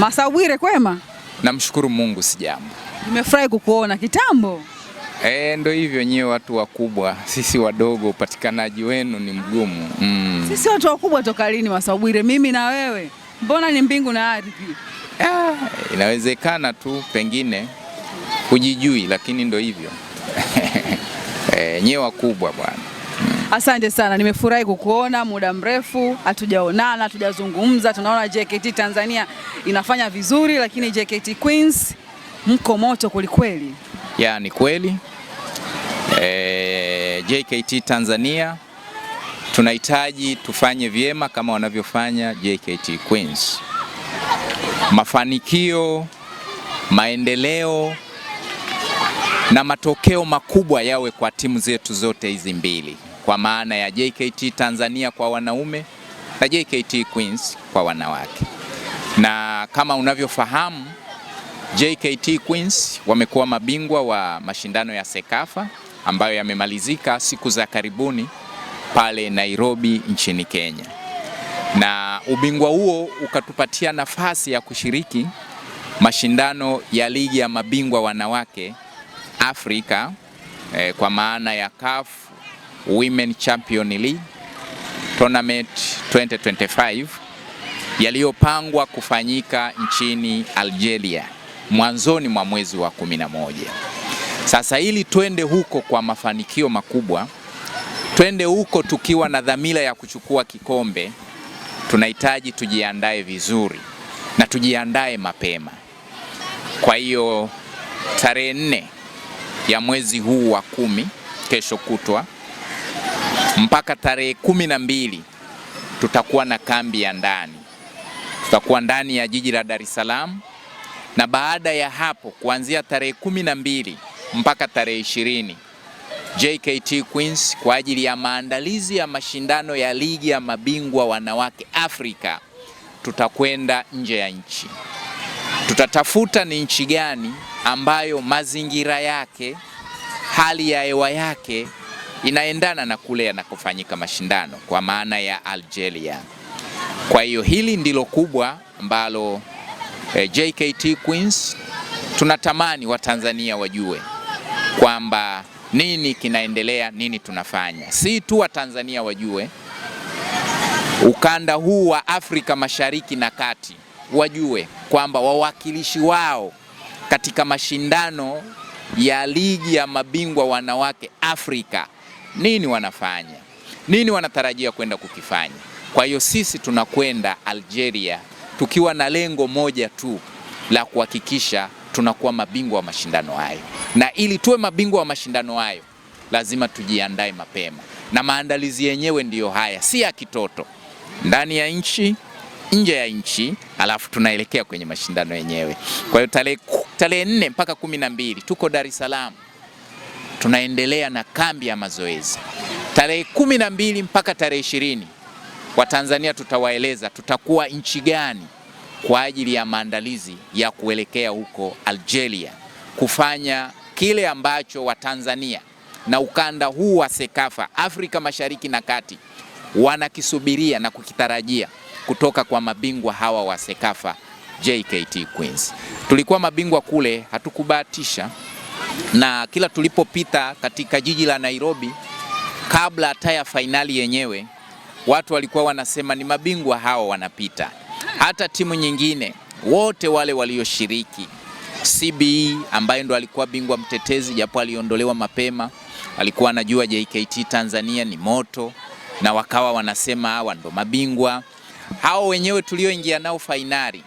Masawire kwema? Namshukuru Mungu, sijambo. Nimefurahi kukuona kitambo. E, ndo hivyo nyewe, watu wakubwa, sisi wadogo, upatikanaji wenu ni mgumu mm. Sisi watu wakubwa toka lini Masa Mimi na wewe, mbona ni mbingu na ardhi? Ah, inawezekana tu pengine hujijui, lakini ndo hivyo e, nyewe wakubwa bwana. Asante sana, nimefurahi kukuona muda mrefu, hatujaonana hatujazungumza. Tunaona JKT Tanzania inafanya vizuri, lakini JKT Queens mko moto kwelikweli. Ya, ni kweli e, JKT Tanzania tunahitaji tufanye vyema kama wanavyofanya JKT Queens. Mafanikio, maendeleo na matokeo makubwa yawe kwa timu zetu zote hizi mbili kwa maana ya JKT Tanzania kwa wanaume na JKT Queens kwa wanawake. Na kama unavyofahamu, JKT Queens wamekuwa mabingwa wa mashindano ya Sekafa ambayo yamemalizika siku za karibuni pale Nairobi nchini Kenya. Na ubingwa huo ukatupatia nafasi ya kushiriki mashindano ya ligi ya mabingwa wanawake Afrika eh, kwa maana ya CAF Women Champion League Tournament 2025 yaliyopangwa kufanyika nchini Algeria mwanzoni mwa mwezi wa 11. Sasa ili twende huko kwa mafanikio makubwa, twende huko tukiwa na dhamira ya kuchukua kikombe, tunahitaji tujiandae vizuri na tujiandae mapema. Kwa hiyo tarehe nne ya mwezi huu wa kumi, kesho kutwa mpaka tarehe kumi na mbili tutakuwa na kambi ya ndani, tutakuwa ndani ya jiji la Dar es Salaam, na baada ya hapo kuanzia tarehe kumi na mbili mpaka tarehe ishirini JKT Queens kwa ajili ya maandalizi ya mashindano ya ligi ya mabingwa wanawake Afrika, tutakwenda nje ya nchi. Tutatafuta ni nchi gani ambayo mazingira yake, hali ya hewa yake inaendana na kule yanakofanyika mashindano kwa maana ya Algeria. Kwa hiyo hili ndilo kubwa ambalo eh, JKT Queens tunatamani Watanzania wajue kwamba nini kinaendelea, nini tunafanya. Si tu Watanzania wajue, ukanda huu wa Afrika Mashariki na Kati wajue kwamba wawakilishi wao katika mashindano ya ligi ya mabingwa wanawake Afrika nini wanafanya, nini wanatarajia kwenda kukifanya. Kwa hiyo sisi tunakwenda Algeria tukiwa na lengo moja tu la kuhakikisha tunakuwa mabingwa wa mashindano hayo, na ili tuwe mabingwa wa mashindano hayo lazima tujiandae mapema, na maandalizi yenyewe ndiyo haya, si ya kitoto, ndani ya nchi, nje ya nchi, alafu tunaelekea kwenye mashindano yenyewe. Kwa hiyo tarehe tarehe nne mpaka kumi na mbili tuko Dar es Salaam tunaendelea na kambi ya mazoezi tarehe kumi na mbili mpaka tarehe ishirini Watanzania tutawaeleza tutakuwa nchi gani kwa ajili ya maandalizi ya kuelekea huko Algeria kufanya kile ambacho Watanzania na ukanda huu wa Sekafa Afrika Mashariki na Kati wanakisubiria na kukitarajia kutoka kwa mabingwa hawa wa Sekafa JKT Queens. Tulikuwa mabingwa kule, hatukubahatisha na kila tulipopita katika jiji la Nairobi, kabla hata ya fainali yenyewe, watu walikuwa wanasema ni mabingwa hao wanapita. Hata timu nyingine wote wale walioshiriki, CBE ambaye ndo alikuwa bingwa mtetezi japo aliondolewa mapema, alikuwa anajua JKT Tanzania ni moto, na wakawa wanasema hawa ndo mabingwa hao wenyewe tulioingia nao fainali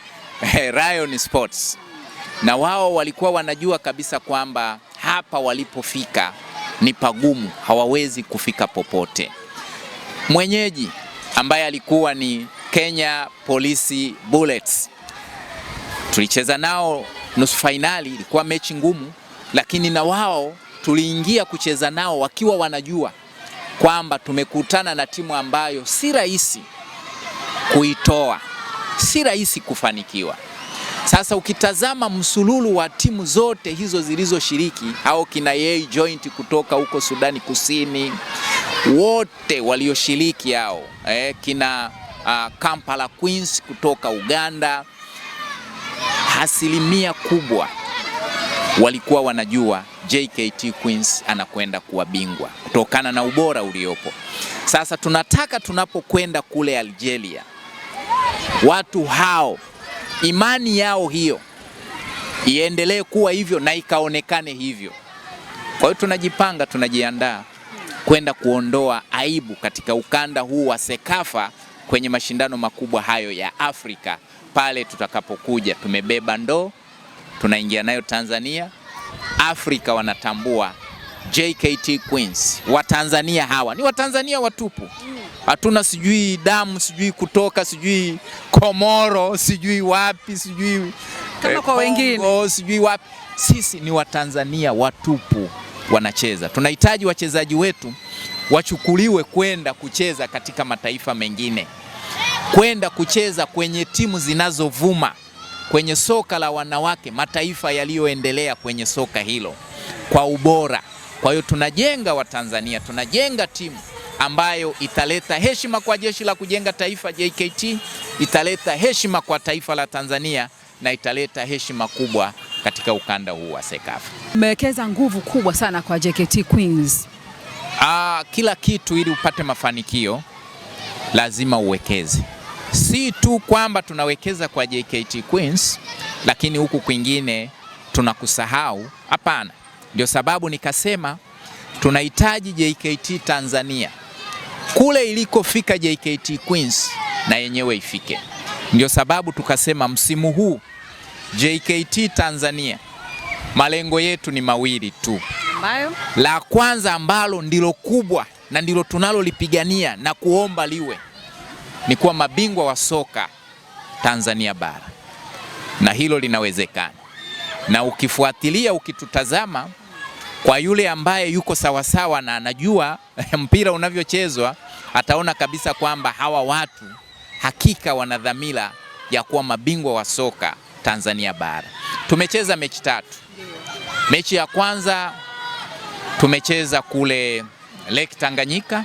Rayon Sports na wao walikuwa wanajua kabisa kwamba hapa walipofika ni pagumu, hawawezi kufika popote. Mwenyeji ambaye alikuwa ni Kenya Police Bullets, tulicheza nao nusu fainali. Ilikuwa mechi ngumu, lakini na wao tuliingia kucheza nao wakiwa wanajua kwamba tumekutana na timu ambayo si rahisi kuitoa, si rahisi kufanikiwa. Sasa ukitazama msululu wa timu zote hizo zilizoshiriki au kina Yei Joint kutoka huko Sudani Kusini, wote walioshiriki hao eh, kina uh, Kampala Queens kutoka Uganda, asilimia kubwa walikuwa wanajua JKT Queens anakwenda kuwa bingwa kutokana na ubora uliopo. Sasa tunataka tunapokwenda kule Algeria watu hao imani yao hiyo iendelee kuwa hivyo na ikaonekane hivyo. Kwa hiyo tunajipanga, tunajiandaa kwenda kuondoa aibu katika ukanda huu wa Sekafa kwenye mashindano makubwa hayo ya Afrika pale tutakapokuja tumebeba ndoo tunaingia nayo Tanzania. Afrika wanatambua JKT Queens. Watanzania hawa ni Watanzania watupu hatuna sijui damu sijui kutoka sijui Komoro sijui wapi sijui kama eh, kwa wengine sijui wapi. Sisi ni Watanzania watupu, wanacheza. Tunahitaji wachezaji wetu wachukuliwe kwenda kucheza katika mataifa mengine, kwenda kucheza kwenye timu zinazovuma kwenye soka la wanawake, mataifa yaliyoendelea kwenye soka hilo kwa ubora. Kwa hiyo tunajenga Watanzania, tunajenga timu ambayo italeta heshima kwa jeshi la kujenga taifa JKT, italeta heshima kwa taifa la Tanzania na italeta heshima kubwa katika ukanda huu wa Sekafa. Mmewekeza nguvu kubwa sana kwa JKT Queens. Aa, ah, kila kitu ili upate mafanikio lazima uwekeze. Si tu kwamba tunawekeza kwa JKT Queens, lakini huku kwingine tunakusahau. Hapana, ndio sababu nikasema tunahitaji JKT Tanzania kule ilikofika JKT Queens na yenyewe ifike. Ndio sababu tukasema msimu huu JKT Tanzania malengo yetu ni mawili tu. Mayo. La kwanza ambalo ndilo kubwa na ndilo tunalolipigania na kuomba liwe ni kuwa mabingwa wa soka Tanzania bara, na hilo linawezekana, na ukifuatilia ukitutazama kwa yule ambaye yuko sawasawa na anajua mpira unavyochezwa, ataona kabisa kwamba hawa watu hakika wana dhamira ya kuwa mabingwa wa soka Tanzania bara. Tumecheza mechi tatu. Mechi ya kwanza tumecheza kule Lake Tanganyika,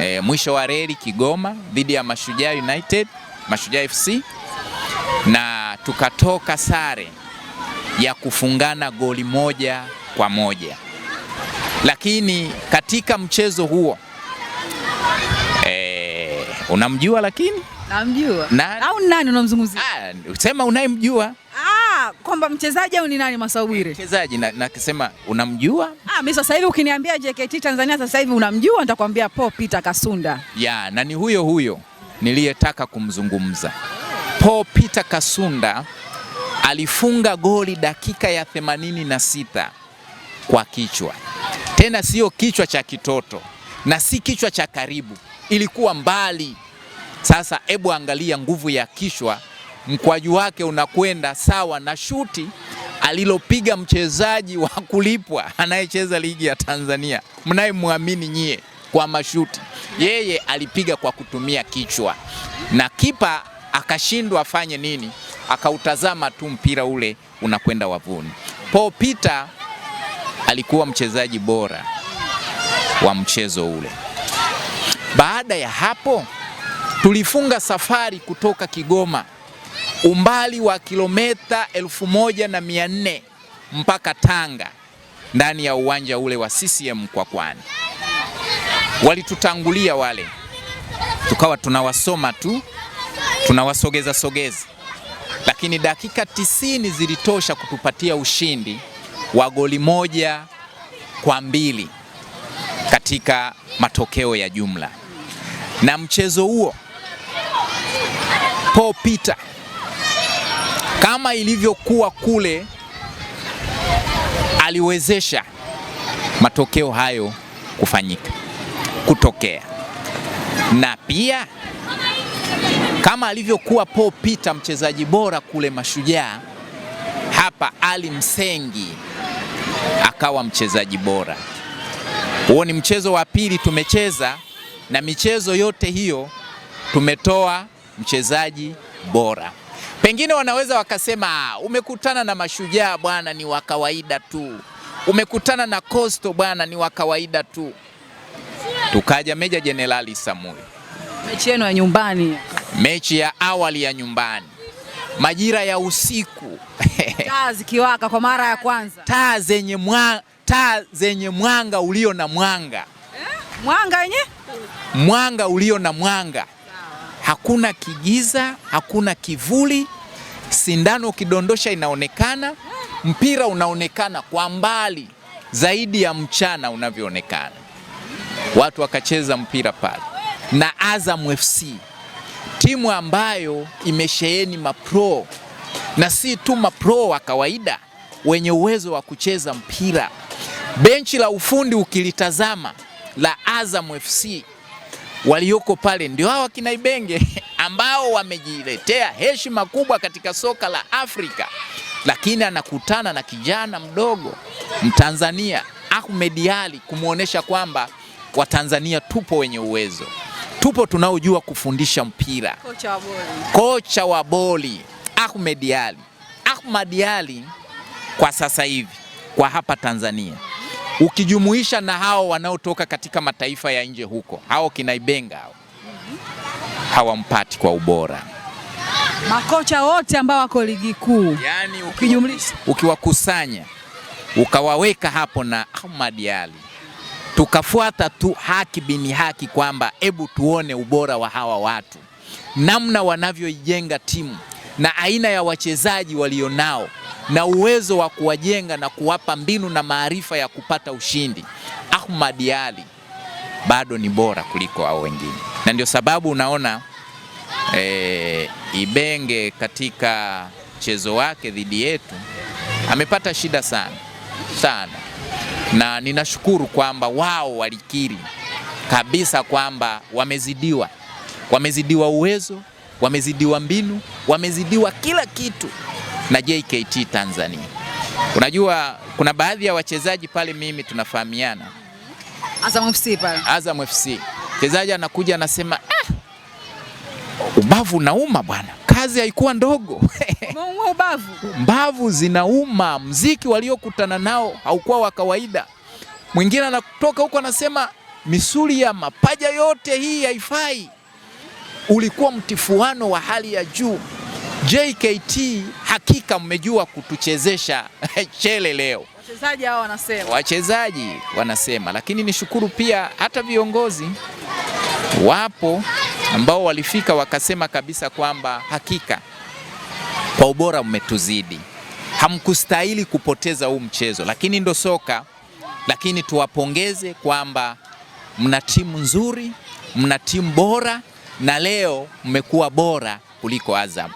e, mwisho wa reli Kigoma, dhidi ya Mashujaa United, Mashujaa FC na tukatoka sare ya kufungana goli moja kwa moja lakini katika mchezo huo e, unamjua lakini namjua na, au nani unamzungumzia? Ah, sema unayemjua ah, kwamba mchezaji au ni nani Masau Bwire? Mchezaji na nakisema unamjua? Ah, mimi sasa hivi ukiniambia JKT Tanzania sasa hivi unamjua, nitakwambia Paul Peter Kasunda. Ya, na ni huyo huyo niliyetaka kumzungumza. Paul Peter Kasunda alifunga goli dakika ya 86 kwa kichwa tena sio kichwa cha kitoto na si kichwa cha karibu, ilikuwa mbali. Sasa hebu angalia nguvu ya kichwa, mkwaju wake unakwenda sawa na shuti alilopiga mchezaji wa kulipwa anayecheza ligi ya Tanzania mnayemwamini nyie kwa mashuti, yeye alipiga kwa kutumia kichwa na kipa akashindwa afanye nini, akautazama tu mpira ule unakwenda wavuni. Paul Peter alikuwa mchezaji bora wa mchezo ule. Baada ya hapo tulifunga safari kutoka Kigoma umbali wa kilometa elfu moja na mia nne mpaka Tanga ndani ya uwanja ule wa CCM Mkwakwani. Walitutangulia wale, tukawa tunawasoma tu tunawasogeza sogeza, lakini dakika tisini zilitosha kutupatia ushindi wa goli moja kwa mbili katika matokeo ya jumla, na mchezo huo Paul Peter kama ilivyokuwa kule aliwezesha matokeo hayo kufanyika kutokea, na pia kama alivyokuwa Paul Peter mchezaji bora kule Mashujaa, hapa Ali Msengi akawa mchezaji bora. Huo ni mchezo wa pili tumecheza, na michezo yote hiyo tumetoa mchezaji bora. Pengine wanaweza wakasema umekutana na mashujaa bwana, ni wa kawaida tu, umekutana na Costo bwana, ni wa kawaida tu. Tukaja Meja Jenerali Samuel, mechi yenu ya nyumbani, mechi ya awali ya nyumbani majira ya usiku taa zikiwaka kwa mara ya kwanza, taa zenye mwanga, taa zenye mwanga ulio na mwanga eh, mwanga wenye mwanga ulio na mwanga, hakuna kigiza, hakuna kivuli. Sindano ukidondosha inaonekana, mpira unaonekana kwa mbali zaidi ya mchana unavyoonekana. Watu wakacheza mpira pale na Azam FC timu ambayo imesheheni mapro na si tu mapro wa kawaida wenye uwezo wa kucheza mpira. Benchi la ufundi ukilitazama la Azam FC walioko pale ndio hawa kina Ibenge ambao wamejiletea heshima kubwa katika soka la Afrika, lakini anakutana na kijana mdogo Mtanzania Ahmed Ally kumwonyesha kwamba Watanzania tupo wenye uwezo tupo tunaojua kufundisha mpira. Kocha wa boli, kocha wa boli Ahmed Ali. Ahmed Ali kwa sasa hivi kwa hapa Tanzania ukijumuisha na hao wanaotoka katika mataifa ya nje huko, hao kinaibenga hao hawampati kwa ubora. Makocha wote ambao wako ligi kuu, yani ukijumlisha, ukiwakusanya ukawaweka hapo na Ahmed ali tukafuata tu haki bini haki, kwamba hebu tuone ubora wa hawa watu, namna wanavyoijenga timu na aina ya wachezaji walionao na uwezo wa kuwajenga na kuwapa mbinu na maarifa ya kupata ushindi. Ahmad Ali bado ni bora kuliko hao wengine, na ndio sababu unaona e, Ibenge katika mchezo wake dhidi yetu amepata shida sana sana na ninashukuru kwamba wao walikiri kabisa kwamba wamezidiwa, wamezidiwa uwezo, wamezidiwa mbinu, wamezidiwa kila kitu na JKT Tanzania. Unajua kuna baadhi ya wachezaji pale, mimi tunafahamiana Azam FC pale. Azam FC. Mchezaji anakuja anasema, eh, ubavu nauma bwana, kazi haikuwa ndogo Muumwe Mbavu zinauma. Mziki waliokutana nao haukuwa wa kawaida. Mwingine anatoka huko anasema misuli ya mapaja yote hii haifai. Ulikuwa mtifuano wa hali ya juu. JKT hakika mmejua kutuchezesha chele leo. Wachezaji hao wanasema, wachezaji wanasema, lakini nishukuru pia hata viongozi wapo ambao walifika wakasema kabisa kwamba hakika kwa ubora mmetuzidi, hamkustahili kupoteza huu mchezo, lakini ndo soka. Lakini tuwapongeze kwamba mna timu nzuri, mna timu bora, na leo mmekuwa bora kuliko Azam.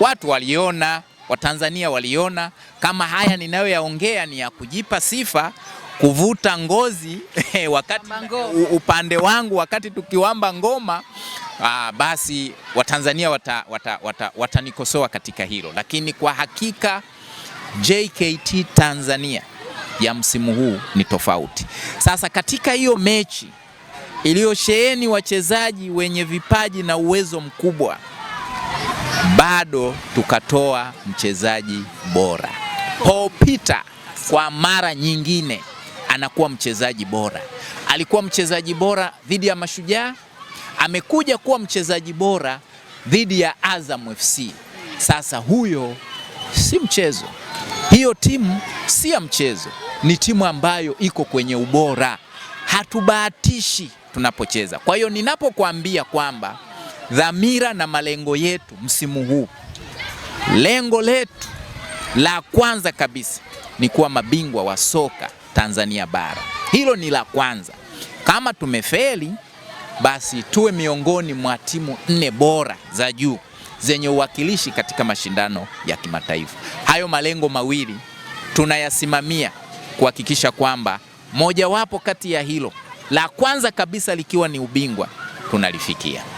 Watu waliona, Watanzania waliona kama haya ninayoyaongea ni ya kujipa sifa kuvuta ngozi eh, wakati upande wangu wakati tukiwamba ngoma aa, ah, basi Watanzania watanikosoa wata, wata, wata katika hilo, lakini kwa hakika JKT Tanzania ya msimu huu ni tofauti. Sasa katika hiyo mechi iliyosheheni wachezaji wenye vipaji na uwezo mkubwa, bado tukatoa mchezaji bora Paul Peter kwa mara nyingine anakuwa mchezaji bora. Alikuwa mchezaji bora dhidi ya Mashujaa, amekuja kuwa mchezaji bora dhidi ya Azam FC. Sasa huyo si mchezo, hiyo timu si ya mchezo, ni timu ambayo iko kwenye ubora, hatubahatishi tunapocheza. Kwa hiyo ninapokuambia kwamba dhamira na malengo yetu msimu huu, lengo letu la kwanza kabisa ni kuwa mabingwa wa soka Tanzania bara. Hilo ni la kwanza. Kama tumefeli, basi tuwe miongoni mwa timu nne bora za juu zenye uwakilishi katika mashindano ya kimataifa. Hayo malengo mawili tunayasimamia kuhakikisha kwamba mojawapo kati ya hilo la kwanza kabisa likiwa ni ubingwa tunalifikia.